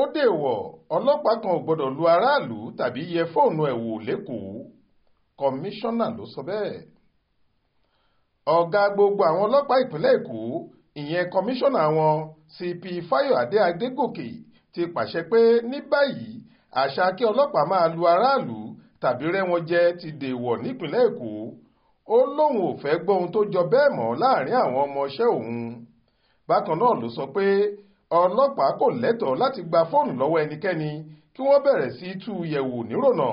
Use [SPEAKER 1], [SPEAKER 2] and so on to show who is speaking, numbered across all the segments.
[SPEAKER 1] ó dèèwọ̀ ọlọ́pàá kan ò gbọ́dọ̀ lu aráàlú tàbí yẹ fóònù ẹ̀ wò lẹ́kọ̀ọ́ kọmíṣánná ló sọ bẹ́ẹ̀ ọ̀gá gbogbo àwọn ọlọ́pàá ìpínlẹ̀ èkó ìyẹn kọmíṣánná wọn cp fáyọ̀adé adégòkè ti pàṣẹ pé ní báyìí àṣà kí ọlọ́pàá máa lu aráàlú tàbí rẹ́ wọn jẹ ti dèèwọ̀ nípínlẹ̀ èkó ó lóun ò fẹ́ gbọ́ ohun tó jọ bẹ́ẹ̀ mọ́ láàrin àwọn ọmọọṣẹ́ òun bákan náà ló sọ pé ọlọ́pàá kò lẹ́tọ̀ọ́ láti gba fóònù lọ́wọ́ ẹnikẹ́ni kí wọ́n bẹ̀rẹ̀ sí í tú yẹ̀wò nírònà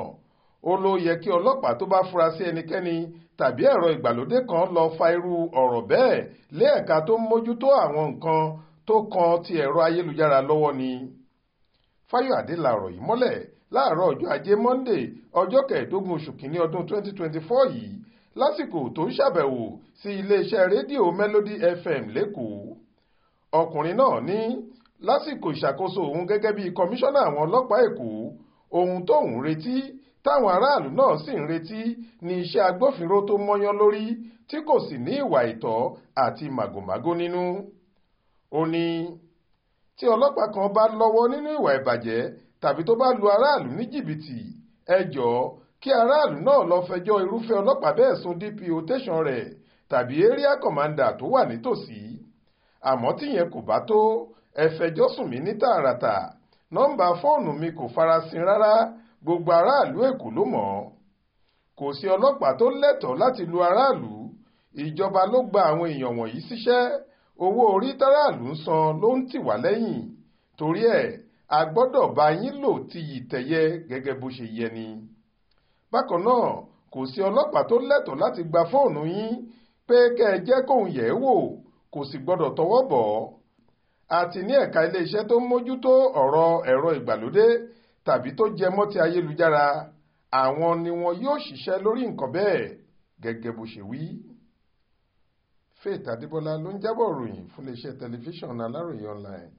[SPEAKER 1] ó ló yẹ kí ọlọ́pàá tó bá fura sí ẹnikẹ́ni tàbí ẹ̀rọ ìgbàlódé kan lọ fa irú ọ̀rọ̀ bẹ́ẹ̀ lé ẹ̀ka tó ń mójútó àwọn nǹkan tó kan ti ẹ̀rọ ayélujára lọ́wọ́ ni. Fáyọ̀adé la ọ̀rọ̀ yìí mọ́lẹ̀ láàárọ̀ ọjọ́ ajé monde ọjọ́ kẹẹ̀ẹ́dógún oṣù kínní ọdún 2024 yìí lásìkò tó ń ṣàbẹ̀wò sí iléeṣẹ́ rédíò Melody FM lẹ́kọ̀ọ́ ọkùnrin náà ní lásìkò ìṣàkóso òun gẹ́gẹ́ bí kọmíṣánná àwọn ọlọ́pàá èkó ohun tóun retí táwọn aráàlú náà sì ń retí ní iṣẹ́ agbófinró tó mọ́yán lórí tí kò sì ní ìwà ìtọ́ àti màgòmágó nínú. ó ní tí ọlọ́pàá kan bá lọ́wọ́ nínú ìwà ìbàjẹ́ tàbí tó bá lu aráàlú ní jìbìtì ẹ jọ̀ọ́ kí aráàlú náà lọ fẹjọ́ irúfẹ́ ọlọ́pàá bẹ́ẹ̀ sùn DPO tẹ̀sán rẹ̀ tàbí area commander tó wà nítòsí àmọ́ tíyẹn kò bá tó ẹ fẹjọ́ sùn mí ní tààràtà nọ́mbà fóònù mi kò farasin rárá gbogbo aráàlú èkó ló mọ̀ ọ́ kò sí ọlọ́pàá tó lẹ́tọ̀ọ́ láti lu aráàlú ìjọba ló gba àwọn èèyàn wọ̀nyí síṣẹ́ owó orí táràlú ń san ló ń tì wá lẹ́yìn torí ẹ̀ a gbọ́dọ̀ bá yín lò ti yìtẹ̀yẹ gẹ́gẹ́ bó ṣe yẹ ni. bákan náà kò sí ọlọ́pàá tó lẹ́tọ̀ọ́ láti gba fóònù yín pé kẹ́ ẹ jẹ́ kóun yẹ̀ ẹ́ wò kò sì gbọ́dọ̀ tọwọ́ bọ̀ ọ́ àti ní ẹ̀ka iléeṣẹ́ tó ń mójútó ọ̀rọ̀ ẹ̀rọ ìgbàlódé tàbí tó jẹ mọ́ ti ayélujára àwọn ni wọn yóò ṣiṣẹ́ lórí nǹkan bẹ́ẹ̀ gẹ́gẹ́ bó ṣe wí. Faith Adébọlá ló ń jábọ̀ ròyìn fún iléeṣẹ́ tẹlifíṣàn Aláròye online.